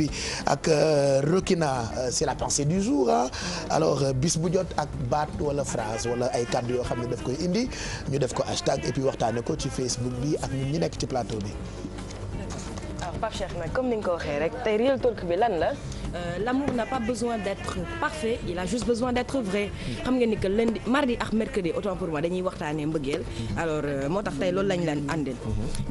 bi ak euh, Rokina euh, c'est la pensée du jour ah alors euh, bis bu jot ak baat wala phrase wala ay kàddu yoo xam ne daf koy indi ñu def ko hashtag et puis waxtaane ko ci Facebook bi ak ñun nekk ci plateau bi. waaw Pape Cheikh comme ni nga ko waxee rek tey real talk bi lan la. l'amour n'a pas besoin d'être parfait il a juste besoin d'être vrai xam nga ni que lundi mardi ak mercredi autant pour moi dañuy waxtaanee mbëggeel alors moo tax tey loolu lañ leen àndil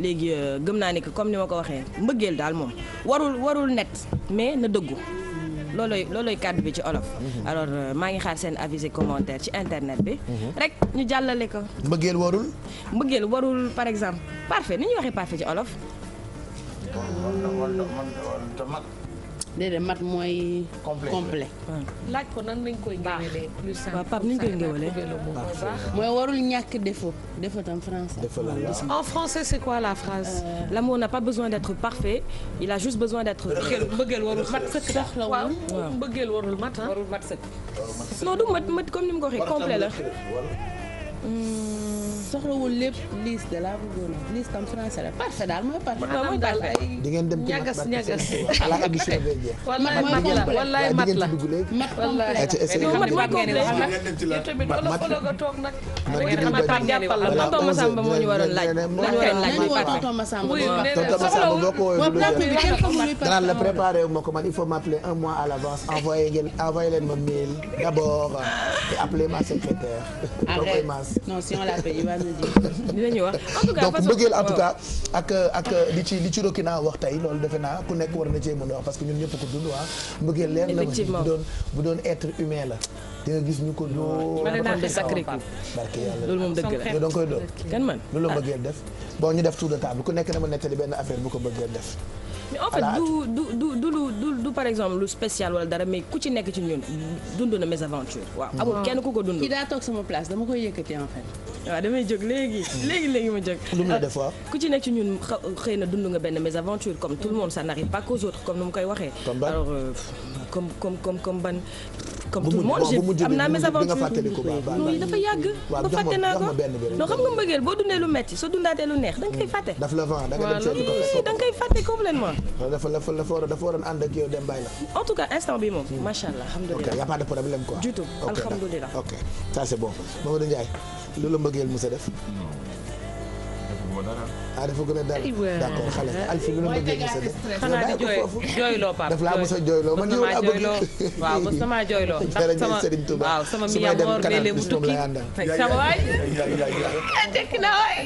léegi gëm naa ni que comme ni ma ko waxee mbëggeel daal moom warul warul net mais na dëggu loolooy loolooy kàddu bi ci olof. alors maa ngi xaar seen avis et commentaire ci internet bi. rek ñu jàllale ko. mbëggeel warul. mbëggeel warul par exemple parfait ni ñuy waxee parfait ci olof. déedéet mat mooy. complet complet. laaj ko nan lañ koy. géwélee plus simple ni ñu koy géwélee. mooy warul ñàkk défaut défaut tam français. en français c'est quoi la phrase. Euh. l'amour n'a pas besoin d'être parfait il a juste besoin d'être. mbëggeel warul mat sëkk sax la waaw mbëggeel warul mat ah. warul mat sëkk. non du mat mat comme ni ko waxee complet la. Hmm. soxlawul lépp liis de laa bëggoon a liis tam français la parfait daal mooy parfait. maanaam daal ay di ngeen dem ci mat ñagas ñagas. la mat la wallaay mat la wallaay mat la tamit olof olof a toog nag. ma tax jàppal la tonton Massamba moo ñu il faut m'appeler un mois à l'avance envoyé ngeen envoyé leen ma mail d'abord et appeler ma secrétaire. non si on l'appelle il va nous dire. dinañu donc mbëggeel en tout cas ak ak li ci li ci naa wax tey loolu defe naa ku nekk war na cee mën wax parce que ñun ñëpp ko dund waa ah. mbëggeel leen la ma doon doon être humain la di nga gis ñu ko doo barke yàlla loolu moom dëgg la danga koy doon kan man loolu la def bon ñu def tour de table ku nekk na ma nettali benn affaire bu ko mbëggeel def mais en fait du du du du par exemple lu spécial wala dara mais ku ci nekk ci ñun dund na mes aventures waaw amul kenn ku ko dund. kii daa toog sama place dama koy yëkkati en fait. waaw damay jóg léegi hmm. léegi léegi ma jóg. lu mu euh, def waaw ku ci nekk ci ñun xëy na dund nga benn mes aventures comme tout le monde ça n'arrive pas qu'aux autres comme nu mu koy waxee. alors euh, comme comme comme comme ban. comme tout le monde j'ai am naa mes aventures non dafa yàgg ba fàtte naa ko non lu metti soo dundaatee lu da hmm. la vent da nga dem a dafa waroon ànd la en hmm. a de problème quoi du tout alhamdulilah ok ça c'est bon Mamadou Ndiaye lu la mbëggeel mu sa def non ah dafa gën a dal d'accord xale Alfi lu la bëggee gis sa xanaa di jooy jooyloo Pape daf laa mos a jooyloo man yow laa bëgg waaw mos sama jooyloo ndax sama Serigne Touba waaw sama mi yaa moor léeg-léeg mu tukki sama waay ah, tekki naa waay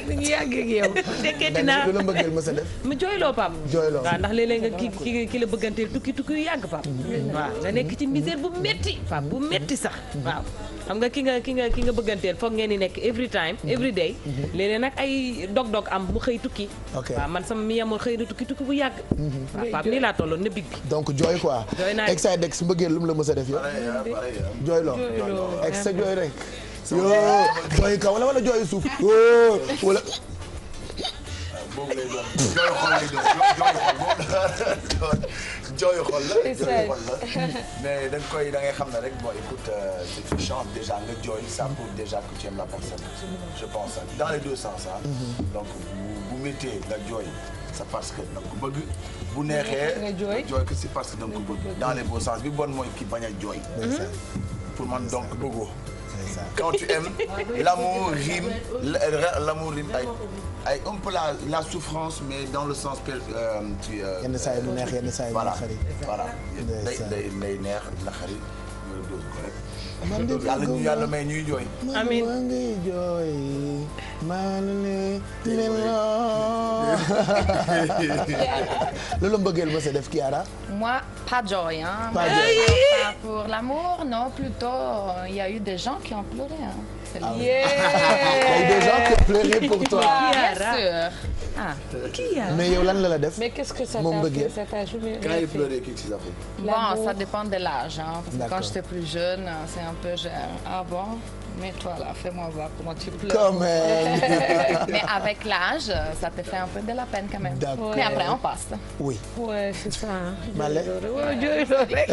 la mbëggeel a def jooyloo Pape jooyloo ndax léeg nga ki ki la bëgganteel tukki tukki yu yàgg Pape mm-hmm. waaw nga nekk ci misère bu metti Pape bu metti sax mm-hmm. waaw xam nga ki nga ki nga ki nga bëgganteel foog ngeen di nekk every time every day mm-hmm. léeg-léeg ay dog-dog am mu xëy xëy tukki. waaw man sama mi yamoon xëy na tukki tukki bu yàgg. Mhm. waaw Pape nii laa tolloon ne big bi. donc jooy quoi. jooy naa ex dex mbëggeel lu la mës a def yow. jooy loo ex sa jooy rek. yoo jooy kaw wala wala jooy suuf ah, jooyu xol la jooyu xol la mais da koy da ngay xam ne rek bon écoute euh, si tu chantes déjà nga jooy ça prouve déjà la personne je pense dans les deux sens ah donc bu méttee nga jooy c'est parce que da nga ko bëgg bu neexee nga jooy que c'est parce que da ko bëgg dans les beaux sens bi bon mooy ki bañ a jooy mm-hmm. pour man donc bëggoo quand tu aimes l'amour rime l'amour rime la la souffrance mais dans le sens que euh, tu. Euh, yenn mu neex yenn saa yi mu naqari. voilà day day neex naqari nga dóor ko rek. man de yàlla ñu yàlla may ñuy jooy. amiin man de maa loolu mbëggeel ma sa def Kiara. moi pas de joie hein. pas de joie pour l'amour non plutôt il y a eu des gens qui ont pleuré hein. Ah oui. yeah. il y a eu des gens qui ont pleuré pour toi. Kiara bien sûr. ah Kiara mais yow lan la la def. mais qu'est-ce que ça t'a joué. quand il pleurait qu'est-ce que ça fait. bon ça dépend de l'âge hein. parce que quand j'étais plus jeune c'est un peu genre ah bon. Mais toi là, fais-moi voir comment tu pleures. Quand même. mais avec l'âge, ça te fait un peu de la peine quand même. D'accord. Mais après, on passe. Oui. Ouais, c'est ça. Malais. Ouais, jooy loolu rek.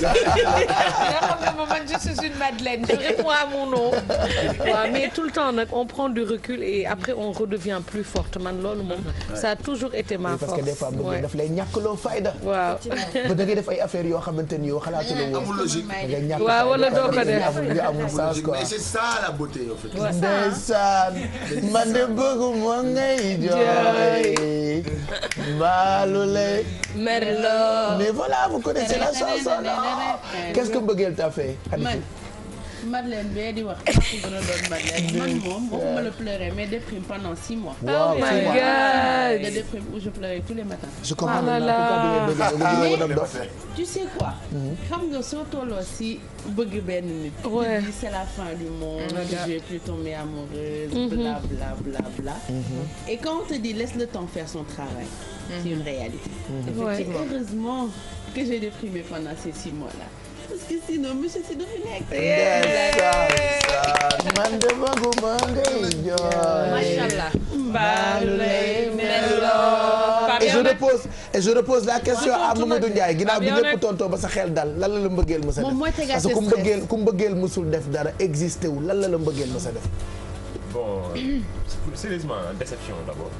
nga xam ne man je suis une madeleine. je réponds à mon nom. waaw mais tout le temps nag on prend du recul et après on redevient plus forte man loolu moom. ça a toujours été ma force. parce que des fois bëgg daf lay ñàkkaloo fayda. waaw. ba da ngay def ay affaires yoo xamante ni yow xalaatuloo woon. amul logique. waaw wala doo ko def. amul amul sens quoi. c'est ça la beauté en fait. jooy mbaalu lay merlo mais voilà vous connaissez la chanson non qu'est-ce que mbëggeel Madeleine bee di wax maa ko gën a doon Madeleine man moom waxuma la pleurer mais déprime pendant six mois. waaw oh my God de déprime où je pleurais tous les matins. je comprends ah ah, mais tu sais quoi. Mhm. xam nga soo tolloo si bëgg benn nit. la fin du monde. je vais amoureuse. Mhm. bla bla bla bla. Mhm. et quand on te dit laisse le temps faire son travail. c'est une réalité. effectivement heureusement que j'ai déprimé pendant ces six mois là. parce que sinon monsieur si dafa nekk. ndeysaan man de bëgguma ngay um jooy. macha allah. baalu lay meloo. et je repose et eh, je repose la question à Mamadou Ndiaye ginnaaw bi ñëpp tontoo ba sa xel dal lan la la mbëggeel mës a def parce que ku mbëggeel ku mbëggeel mësul def dara existé wu lan la la mbëggeel mës a def. bon sérieusement déception d'abord.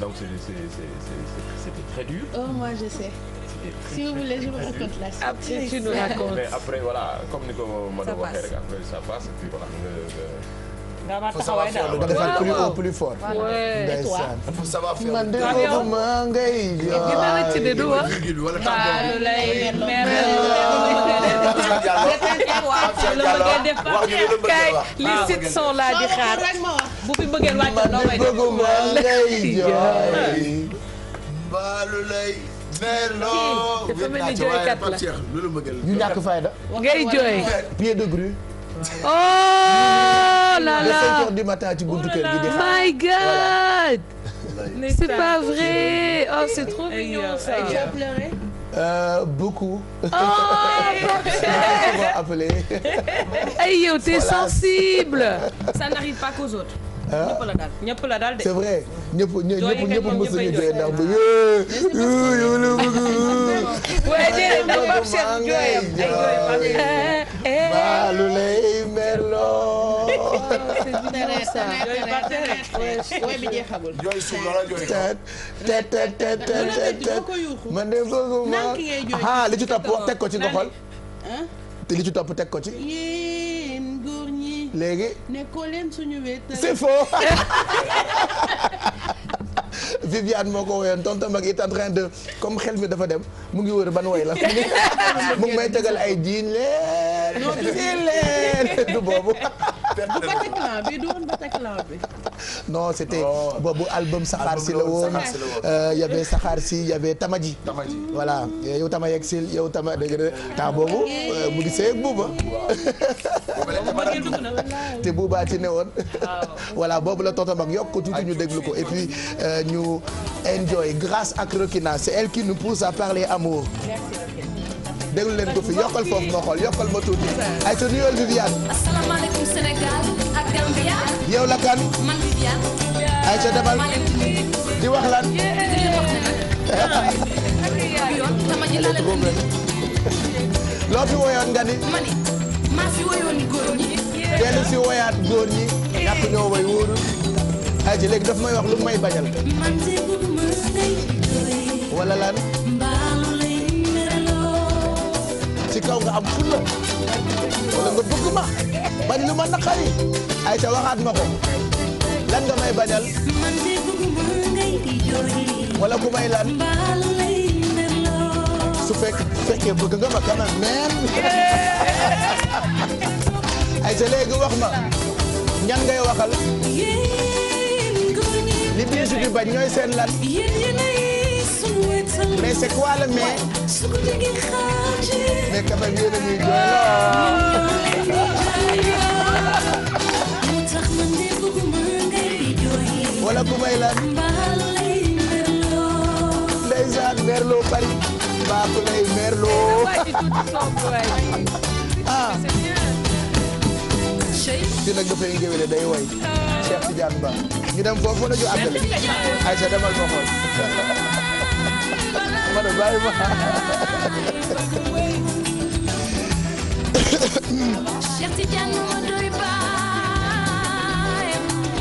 donc c'est c'est c'est c'était très dur. oh moi je sais. si vous voulez je vous raconte la suite. tu nous racontes. mais après voilà comme ni ko Madou waxee rek après ça passe et puis voilà nga ma taxawaay daal nga defar plus haut plus fort. man de boobu maa ngay jaay. les ah, sites sont là di xaar. bu fi bëggee wàcc noo may def. man de boobu maa ngay jaay. baalu lay. vélo. kii dafa mel fayda. ngay jooy. pied de grue. oh là là de 5 du matin ci buntu kër gi di my God. c'est pas vrai oh c'est trop mignon euh, beaucoup. Oh, souvent appelé. Hey, sensible. Ça n'arrive pas qu'aux autres. ñëpp la daal de. c'est vrai ñëpp ñëpp ñëpp mës nañu jooy ndax bu yooyu yow la bëgg. waaye déedéet ndax Pape Cheikh jooyam ay jooy Pape Cheikh. baalu lay merloo. jooy Pape Cheikh. jooy bi jeexagul. jooy suuf man de li ci topp teg ko ci nga xool. te li ci topp teg ko ci. léegi. nekkoo leen suñu wéetal. c'est faux. Viviane moo ko woyoon tonton mag it en train de comme xel mi dafa dem mu ngi wër ban woy la mu may tegal ay jiin leen. non leen du boobu. bu c'était oh. boobu album saxaar si la woon y'avait saxaar si euh, y'avait tamaji. tamaji voilà yow tama yegg si yow tama dégg nga temps boobu euh, mu ngi seeg buuba. te buubaa ci ne newoon voilà boobu la tonton mag yokk ko tuuti ñu déglu ko et puis euh, ñu enjoy grâce ak Rokina c'est elle qui nous pousse à parler amour déglu leen ko fi yokkal foofu moo xool yokkal ma tuuti ay te nuyoo Viviane asalaamaaleykum Sénégal ak Gambia yow la kan man Viviane ay te demal di wax lan loo fi woyoon nga ni ma ni maa fi woyoon ni góor ñi dellu si woyaat góor ñi ñàkk ñoo way ay ci léegi may wax lu may bañal wala lan ci kaw nga wala nga bëgg ma bañ lu ma ay ca waxaat ma ko lan nga may bañal wala ku may lan su fekk fekkee bëgg nga ma meen ay sa léegi wax ma ñan ngay waxal li biir su di ñooy seen bi mais c'est quoi le mais mais quand même yéen a ñuy jooy wala ku may lan ndeysaan merloo bari mbaa ku lay merloo fii nag dafay ngéwéle day woy Cheikh Tidiane Ba ñu dem foofu la ñu appelé Aïcha demal ma xool ma ne bàyyi ma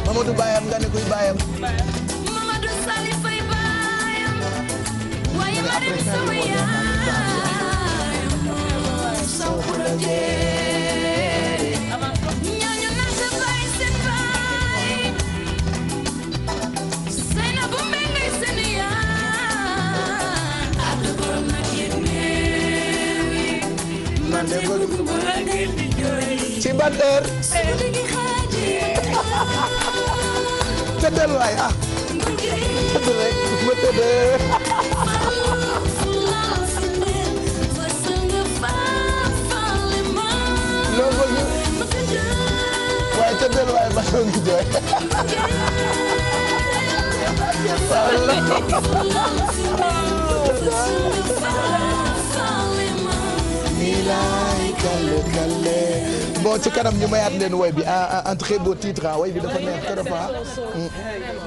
Mamadou Bayam nga ne kuy Bayam Mamadou Salifay Bayam waaye ma dem sama yaay Bandeur. tëddal waay ah. tëdd rek ma tëdd. loo bëgg. waaye tëddal waay ma soo ngi jooy. nii laay kale kale. bon ci kanam ñu mayaat leen woy bi un très beau titre ah woy bi dafa neex trop ah.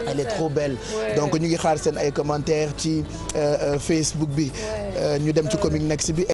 elle est trop belle donc ñu ngi xaar seen ay commentaires ci euh, euh, Facebook bi euh, ñu dem ci comique next bi.